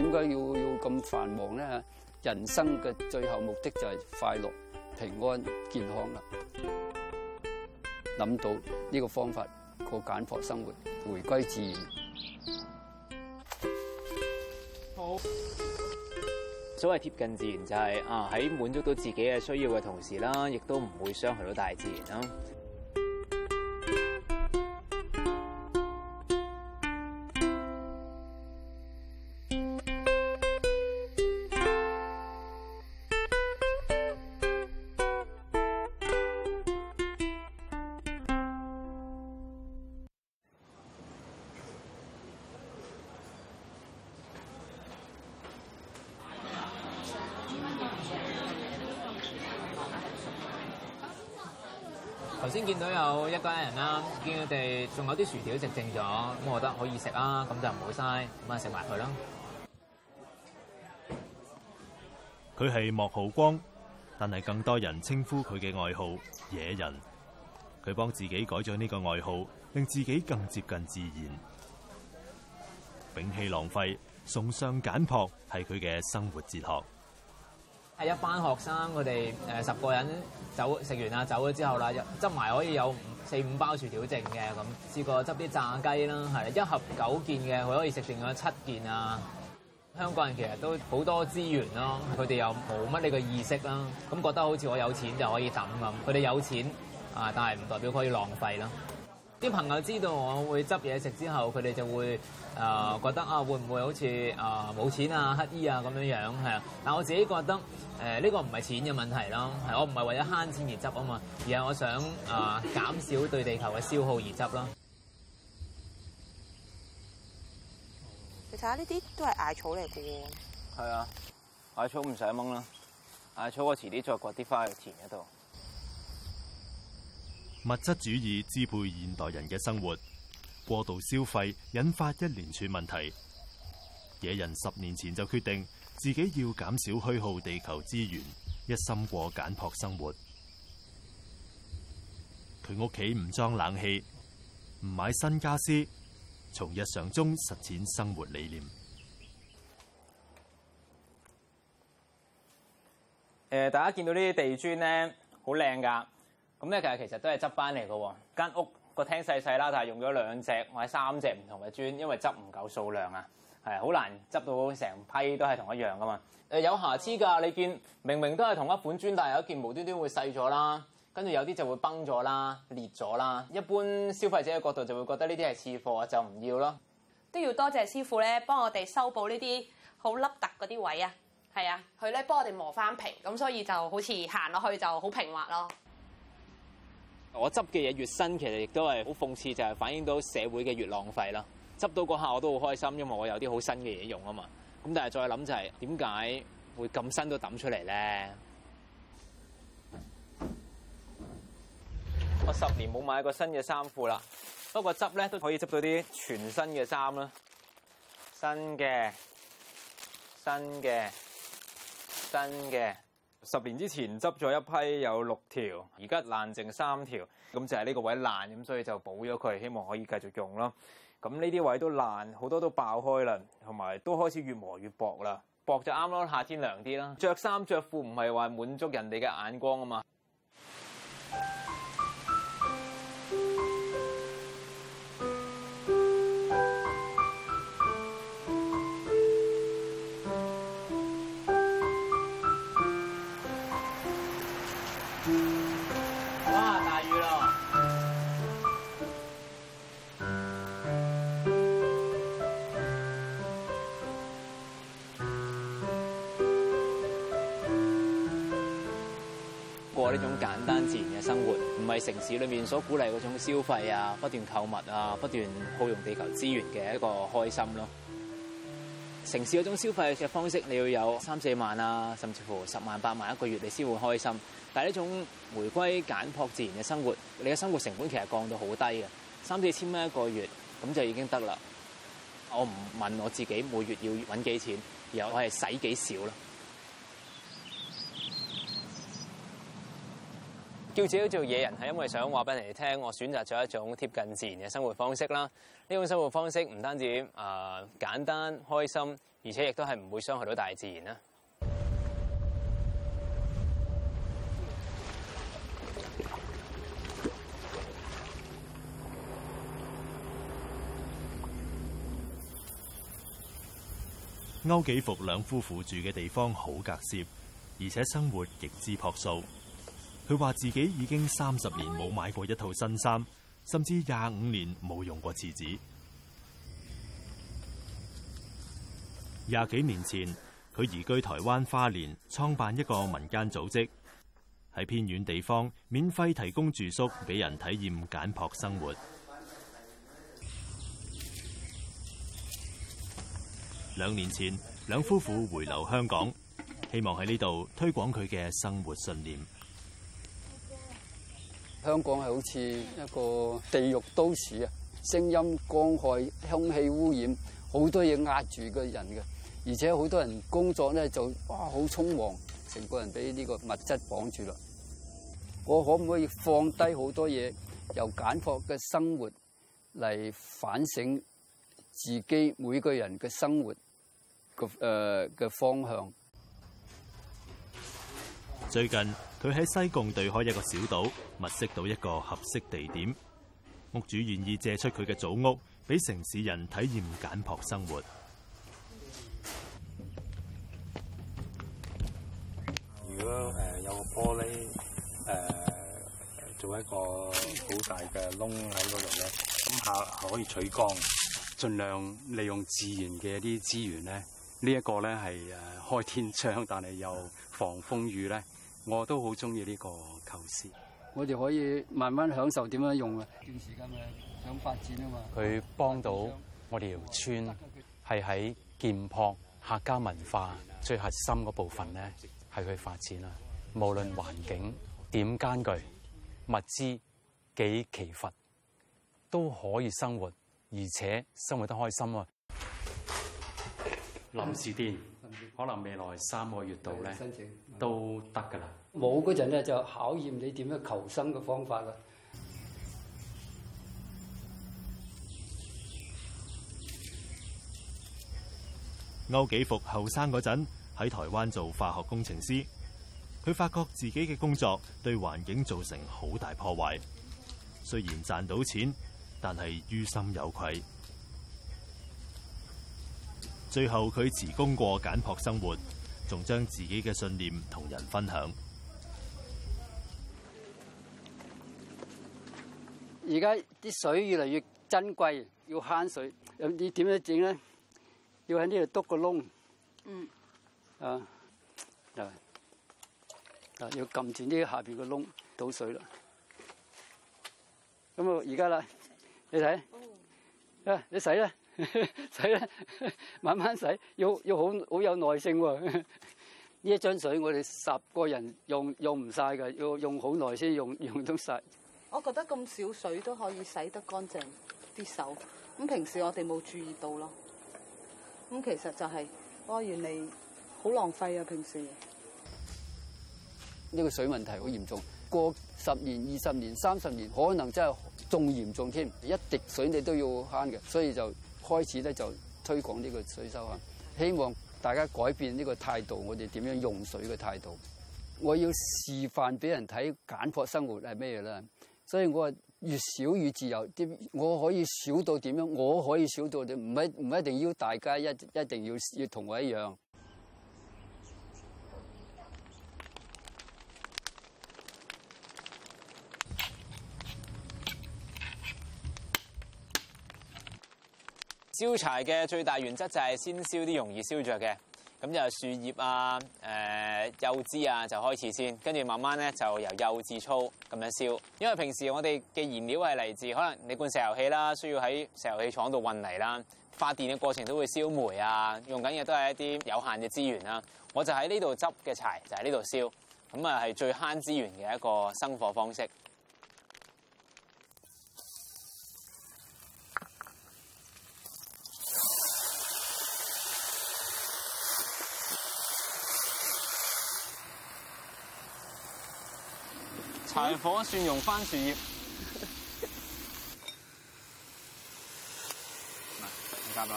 點解要要咁繁忙咧？人生嘅最後目的就係快樂、平安、健康啦。諗到呢個方法，過簡樸生活，回歸自然。好。所謂貼近自然，就係，就係啊喺滿足到自己嘅需要嘅同時啦，亦都唔會傷害到大自然啦。先見到有一家人啦，見佢哋仲有啲薯條食剩咗，咁我覺得可以食啦，咁就唔好嘥，咁啊食埋佢啦。佢係莫皓光，但係更多人稱呼佢嘅愛好野人。佢幫自己改咗呢個愛好，令自己更接近自然，摒棄浪費，崇尚簡樸，係佢嘅生活哲學。係一班學生，佢哋誒十個人走食完啦，走咗之後啦，執埋可以有四五包薯條剩嘅咁。試過執啲炸雞啦，係一盒九件嘅，佢可以食剩咗七件啊。香港人其實都好多資源咯，佢哋又冇乜你個意識啦，咁覺得好似我有錢就可以抌咁。佢哋有錢啊，但係唔代表可以浪費咯。啲朋友知道我會執嘢食之後，佢哋就會誒、呃、覺得啊，會唔會好似誒冇錢啊、乞衣啊咁樣樣？係啊，但我自己覺得誒呢、呃這個唔係錢嘅問題咯，係我唔係為咗慳錢而執啊嘛，而係我想誒、呃、減少對地球嘅消耗而執咯。你睇下呢啲都係艾草嚟嘅喎。係啊，艾草唔使掹啦，艾草我遲啲再掘啲花去田嗰度。物質主義支配現代人嘅生活，過度消費引發一連串問題。野人十年前就決定自己要減少虛耗地球資源，一心過簡樸生活。佢屋企唔裝冷氣，唔買新家私，從日常中實踐生活理念。呃，大家見到呢啲地磚呢，好靚㗎～咁咧，其實都係執翻嚟嘅喎。間屋個廳細細啦，但係用咗兩隻或者三隻唔同嘅磚，因為執唔夠數量啊，係好難執到成批都係同一樣㗎嘛。誒有瑕疵㗎，你見明明都係同一款磚，但係有一件無端端會細咗啦，跟住有啲就會崩咗啦、裂咗啦。一般消費者嘅角度就會覺得呢啲係次貨，就唔要咯。都要多謝師傅咧，幫我哋修補呢啲好凹凸嗰啲位置啊，係啊，佢咧幫我哋磨翻平，咁所以就好似行落去就好平滑咯。我執嘅嘢越新，其實亦都係好諷刺，就係、是、反映到社會嘅越浪費啦。執到嗰下我都好開心，因為我有啲好新嘅嘢用啊嘛。咁但係再諗就係點解會咁新都抌出嚟咧？我十年冇買過新嘅衫褲啦，不過執咧都可以執到啲全新嘅衫啦。新嘅，新嘅，新嘅。十年之前執咗一批有六條，而家爛剩三條，咁就係呢個位爛，咁所以就補咗佢，希望可以繼續用咯。咁呢啲位都爛，好多都爆開啦，同埋都開始越磨越薄啦，薄就啱咯，夏天涼啲啦。着衫着褲唔係話滿足人哋嘅眼光啊嘛。呢種簡單自然嘅生活，唔係城市裏面所鼓勵嗰種消費啊，不斷購物啊，不斷耗用地球資源嘅一個開心咯。城市嗰種消費嘅方式，你要有三四萬啊，甚至乎十萬八萬一個月，你先會開心。但係呢種回歸簡樸自然嘅生活，你嘅生活成本其實降到好低嘅，三四千蚊一個月咁就已經得啦。我唔問我自己每月要揾幾錢，而我係使幾少咯。叫自己做野人，係因為想話俾人哋聽，我選擇咗一種貼近自然嘅生活方式啦。呢種生活方式唔單止啊、呃、簡單開心，而且亦都係唔會傷害到大自然啦。區紀復兩夫婦住嘅地方好隔涉，而且生活極之樸素。佢話自己已經三十年冇買過一套新衫，甚至廿五年冇用過廁紙。廿幾年前，佢移居台灣花蓮，創辦一個民間組織，喺偏遠地方免費提供住宿，俾人體驗簡樸生活。兩年前，兩夫婦回流香港，希望喺呢度推廣佢嘅生活信念。香港係好似一個地獄都市啊！聲音光害、空氣污染，好多嘢壓住個人嘅，而且好多人工作咧就哇好匆忙，成個人俾呢個物質綁住啦。我可唔可以放低好多嘢，由簡樸嘅生活嚟反省自己每個人嘅生活個誒嘅方向？最近。佢喺西貢對開一個小島，物色到一個合適地點。屋主願意借出佢嘅祖屋，俾城市人體驗簡樸生活。如果誒、呃、有個玻璃誒、呃、做一個好大嘅窿喺嗰度咧，咁下可以取光，盡量利用自然嘅一啲資源咧。呢、呢、一個咧係誒開天窗，但係又防風雨咧。我都好中意呢個構思，我哋可以慢慢享受點樣用啊！段時間嘅想發展啊嘛，佢幫到我哋條村係喺簡樸客家文化最核心嗰部分咧，係去發展啊！無論環境點艱巨、物資幾其乏，都可以生活，而且生活得開心啊！臨時電可能未來三個月度咧，申請都得㗎啦。冇嗰陣咧，就考驗你點樣求生嘅方法啦。區紀復後生嗰陣喺台灣做化學工程師，佢發覺自己嘅工作對環境造成好大破壞。雖然賺到錢，但係於心有愧。最後佢辭工過簡樸生活，仲將自己嘅信念同人分享。而家啲水越嚟越珍貴，要慳水。咁你點樣整咧？要喺呢度篤個窿。嗯。啊啊啊！要撳住呢下邊個窿倒水啦。咁啊，而家啦，你睇。啊，你洗啦，洗啦，慢慢洗。要要好好有耐性喎。呢一樽水我哋十個人用用唔晒㗎，要用好耐先用用到晒。我覺得咁少水都可以洗得乾淨啲手，咁平時我哋冇注意到咯。咁其實就係，我原嚟好浪費啊！平時呢個水問題好嚴重，過十年、二十年、三十年，可能真係仲嚴重添。一滴水你都要慳嘅，所以就開始咧就推廣呢個水手限，希望大家改變呢個態度，我哋點樣用水嘅態度。我要示範俾人睇簡樸生活係咩嘢呢？所以我話越少越自由，我可以少到點樣？我可以少到點？唔一定要大家一一定要一定要同我一樣。燒柴嘅最大原則就係先燒啲容易燒着嘅。咁就係樹葉啊、誒、呃、幼枝啊，就開始先，跟住慢慢咧就由幼至粗咁樣燒。因為平時我哋嘅燃料係嚟自可能你罐石油氣啦，需要喺石油氣廠度運嚟啦，發電嘅過程都會燒煤啊，用緊嘅都係一啲有限嘅資源啦、啊。我就喺呢度執嘅柴，就喺呢度燒，咁啊係最慳資源嘅一個生火方式。火蒜蓉番薯葉， 唔夾嚟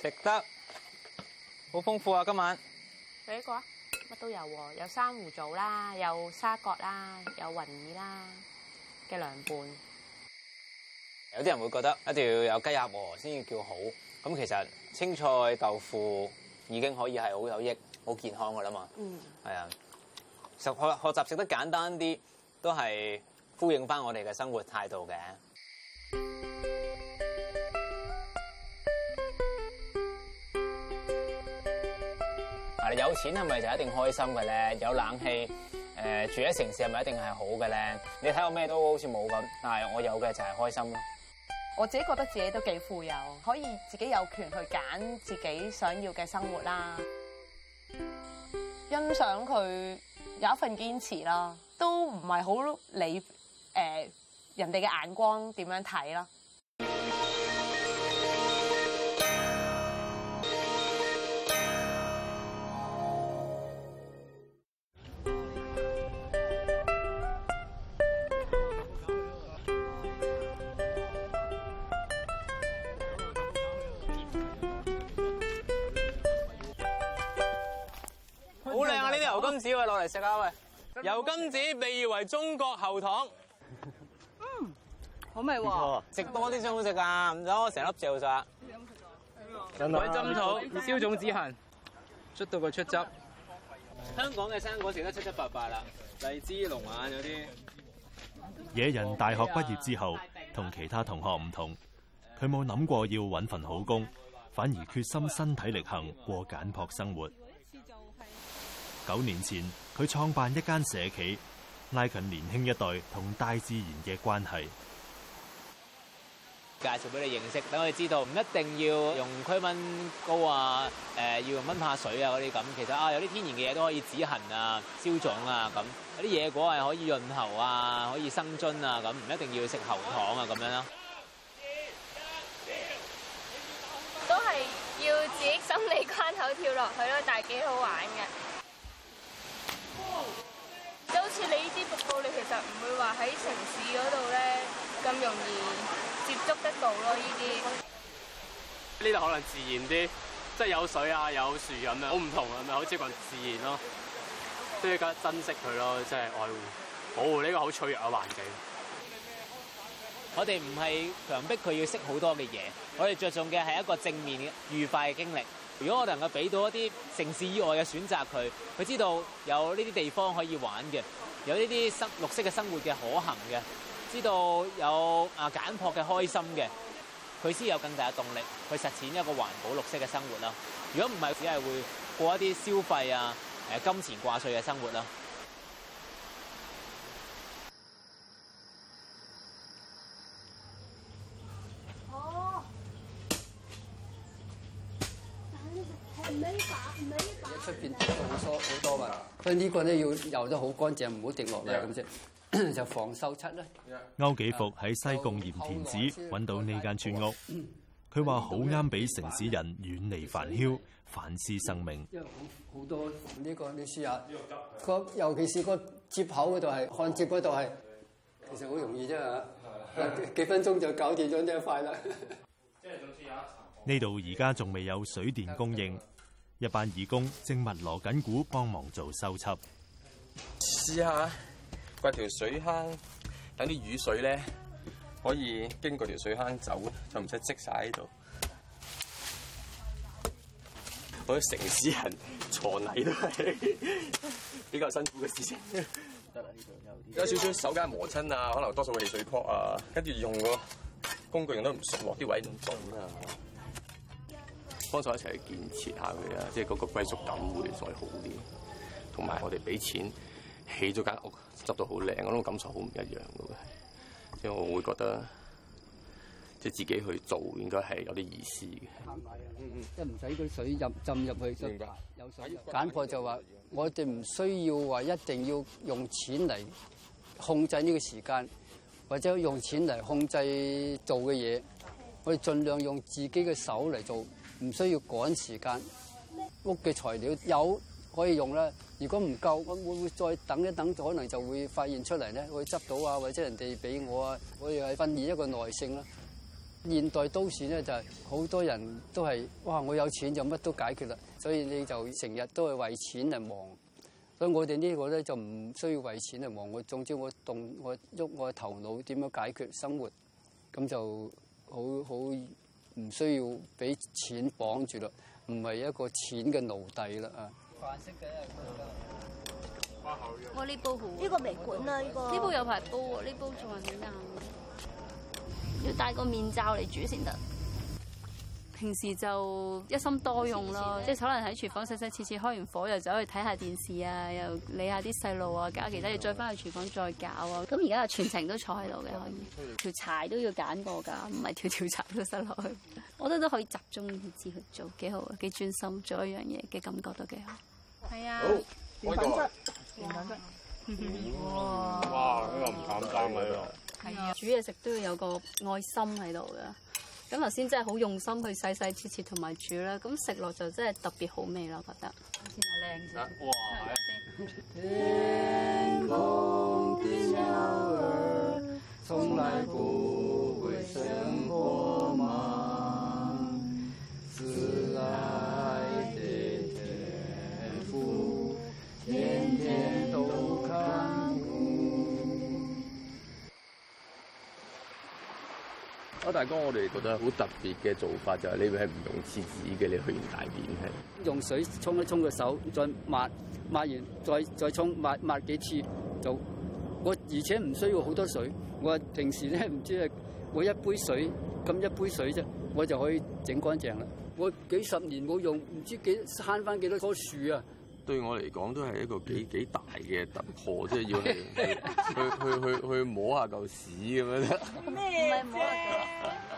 食得，好豐富啊！今晚，第一個乜都有喎，有珊瑚藻啦，有沙葛啦，有雲耳啦嘅涼拌。有啲人會覺得一定要有雞鴨喎先叫好，咁其實青菜豆腐已經可以係好有益。好健康噶啦嘛、嗯是的，係啊，食學學習食得簡單啲，都係呼應翻我哋嘅生活態度嘅。你有錢係咪就一定開心嘅咧？有冷氣、呃、住喺城市係咪一定係好嘅咧？你睇我咩都好似冇咁，但係我有嘅就係開心咯。我自己覺得自己都幾富有，可以自己有權去揀自己想要嘅生活啦。欣賞佢有一份堅持啦，都唔係好理誒人哋嘅眼光點樣睇啦。各位，油甘子被譽為中國喉糖，嗯啊啊，好味喎，食多啲先好食噶，唔使我成粒嚼曬？鬼針土消腫止痕，出到個出汁。嗯，香港嘅生果食得七七八八啦，荔枝、龍眼有啲。野人大學畢業之後，同其他同學唔同，佢冇諗過要揾份好工，反而決心身體力行過簡樸生活。九年前。佢創辦一間社企，拉近年輕一代同大自然嘅關係。介紹俾你認識，等我哋知道，唔一定要用驅蚊膏啊，誒、呃、要用蚊怕水啊嗰啲咁。其實啊，有啲天然嘅嘢都可以止痕啊、消腫啊咁。有啲野果係可以潤喉啊、可以生津啊咁，唔一定要食喉糖啊咁樣咯。都係要自己心理關口跳落去咯，但係幾好玩嘅。好似你呢啲瀑布，你其實唔會話喺城市嗰度咧咁容易接觸得到咯。呢啲呢度可能自然啲，即係有水啊，有樹咁樣，好唔同啊，咪好似個自然咯。都要珍惜佢咯，即係愛護、保護呢個好脆弱嘅環境。我哋唔係強迫佢要識好多嘅嘢，我哋着重嘅係一個正面嘅愉快嘅經歷。如果我哋能夠俾到一啲城市以外嘅選擇佢，佢知道有呢啲地方可以玩嘅，有呢啲生綠色嘅生活嘅可行嘅，知道有啊簡樸嘅開心嘅，佢先有更大嘅動力去實踐一個環保綠色嘅生活啦。如果唔係，只係會過一啲消費啊、誒金錢掛帥嘅生活啦。出邊多好多好多嘛，所以呢個咧，要油得好乾淨，唔好滴落嚟咁啫，就防鏽漆啦。區紀復喺西貢鹽田梓揾到呢間村屋，佢話好啱俾城市人遠離繁囂，反思生命。因為好好多呢、這個你試下，個尤其是個接口嗰度係焊接嗰度係，其實好容易啫吓，有幾分鐘就搞掂咗呢一塊啦。即係總算有一巢。呢度而家仲未有水電供應。一班義工正密鑼緊鼓幫忙做修葺。試下掘條水坑，等啲雨水咧可以經過條水坑走，就唔使積晒喺度。我哋城市人鋤泥都係比較辛苦嘅事情，有少少手間磨親啊，可能多數會起水泡啊，跟住用個工具用得唔熟，啲位唔凍啊。幫手一齊去建設下佢啊！即係嗰個歸屬感會再好啲，同埋我哋俾錢起咗間屋，執到好靚，嗰種感受好唔一樣嘅喎。因為我會覺得即係自己去做，應該係有啲意思嘅。攤位，嗯嗯，即係唔使嗰水浸浸入去。對白有水。簡樸就話：我哋唔需要話一定要用錢嚟控制呢個時間，或者用錢嚟控制做嘅嘢。我哋儘量用自己嘅手嚟做。唔需要趕時間，屋嘅材料有可以用啦。如果唔夠，我會再等一等，可能就會發現出嚟咧，會執到啊，或者人哋俾我啊，我哋係訓練一個耐性啦。現代都市咧就係、是、好多人都係，哇！我有錢就乜都解決啦，所以你就成日都係為錢嚟忙。所以我哋呢個咧就唔需要為錢嚟忙，我總之我動我喐我嘅頭腦點樣解決生活，咁就好好。很唔需要俾錢綁住啦，唔係一個錢嘅奴隸啦啊這包了！我呢煲好，呢個未滾啊，呢個呢煲有排煲喎，呢煲仲係好硬，要戴個面罩嚟煮先得。平時就一心多用咯，即係可能喺廚房洗洗切切開完火又走去睇下電視啊，又理下啲細路啊，搞其他嘢再翻去廚房再搞啊。咁而家又全程都坐喺度嘅，可以條柴都要揀過㗎，唔係條條柴都塞落去。我覺得都可以集中意志去做，幾好，好啊，幾專心做一樣嘢嘅感覺都幾好。係啊，好，換滾身，換滾身。哇！哇！又唔簡單喺度。係、這個、啊，啊，煮嘢食都要有個愛心喺度㗎。咁頭先真係好用心去細細切切同埋煮啦，咁食落就真係特別好味啦，覺得看看看看。哇！天空的鳥兒，從來不。大哥，我哋覺得好特別嘅做法就係呢，你係唔用廁紙嘅，你去完大便係用水沖一沖個手，再抹，抹完再再沖，抹抹幾次就，我而且唔需要好多水。我平時咧，唔知係我一杯水咁一杯水啫，我就可以整乾淨啦。我幾十年冇用，唔知幾慳翻幾多棵樹啊！對我嚟講，都係一個幾幾大嘅突破即係、就是、要你去 去去去，去，去摸下嚿屎咁樣咩嘢？唔 摸下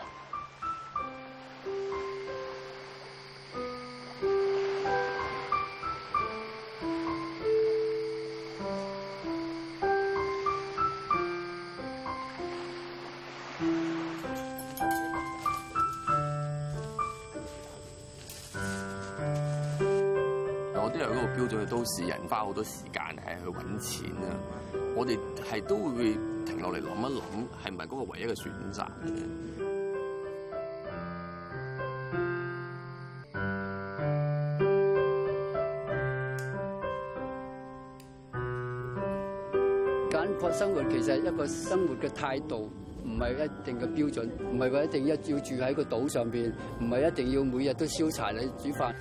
那個標準都市人花好多時間係去揾錢啊！我哋係都會停落嚟諗一諗，係咪係嗰個唯一嘅選擇？簡樸生活其實係一個生活嘅態度，唔係一定嘅標準，唔係話一定要住喺個島上邊，唔係一定要每日都燒柴嚟煮飯。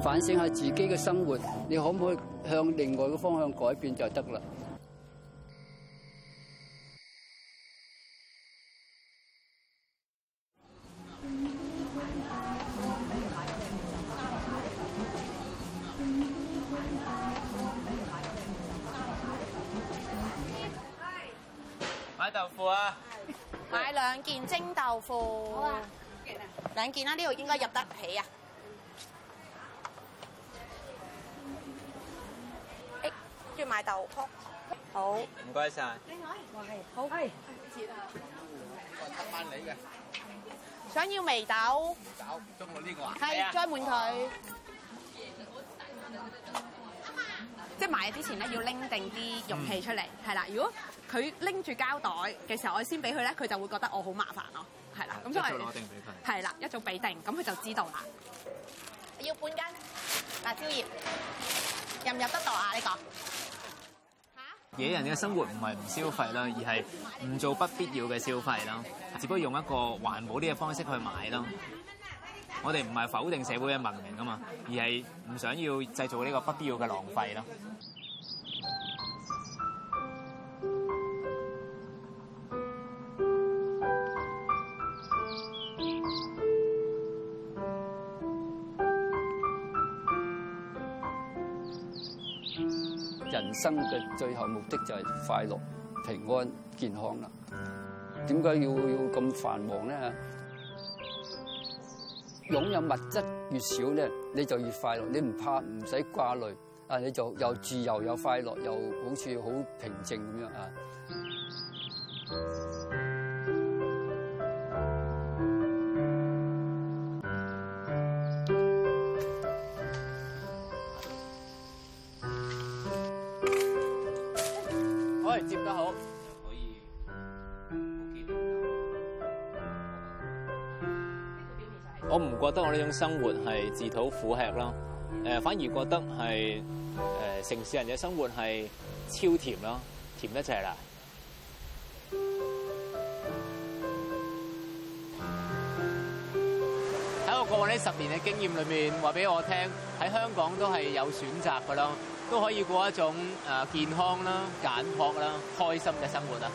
反省下自己嘅生活，你可唔可以向另外嘅方向改變就得啦。買豆腐啊！買兩件蒸豆腐。好啊，兩件啊。兩件啦，呢度應該入得起啊。要買豆殼，好。唔該晒。另外，我係好。係。打折啊！我得翻你嘅。想要眉豆？搞唔中我呢個啊。係，載滿佢。即係買嘢之前咧，要拎定啲容器出嚟，係啦。如果佢拎住膠袋嘅時候，我先俾佢咧，佢就會覺得我好麻煩咯，係啦。咁所以攞定俾佢，係啦，一早俾定，咁佢就知道啦。要半斤辣椒葉，入唔入得到啊？呢個？野人嘅生活唔係唔消費啦，而係唔做不必要嘅消費啦，只不過用一個環保啲嘅方式去買咯。我哋唔係否定社會嘅文明啊嘛，而係唔想要製造呢個不必要嘅浪費咯。生活嘅最後目的就係快樂、平安、健康啦。點解要要咁繁忙咧？擁有物質越少咧，你就越快樂。你唔怕唔使掛慮啊，你就又自由又快樂，又好似好平靜咁樣啊！覺得我呢種生活係自討苦吃啦，誒反而覺得係誒、呃、城市人嘅生活係超甜啦，甜得滯啦。喺我過往呢十年嘅經驗裏面，話俾我聽，喺香港都係有選擇噶咯，都可以過一種誒健康啦、簡樸啦、開心嘅生活啊！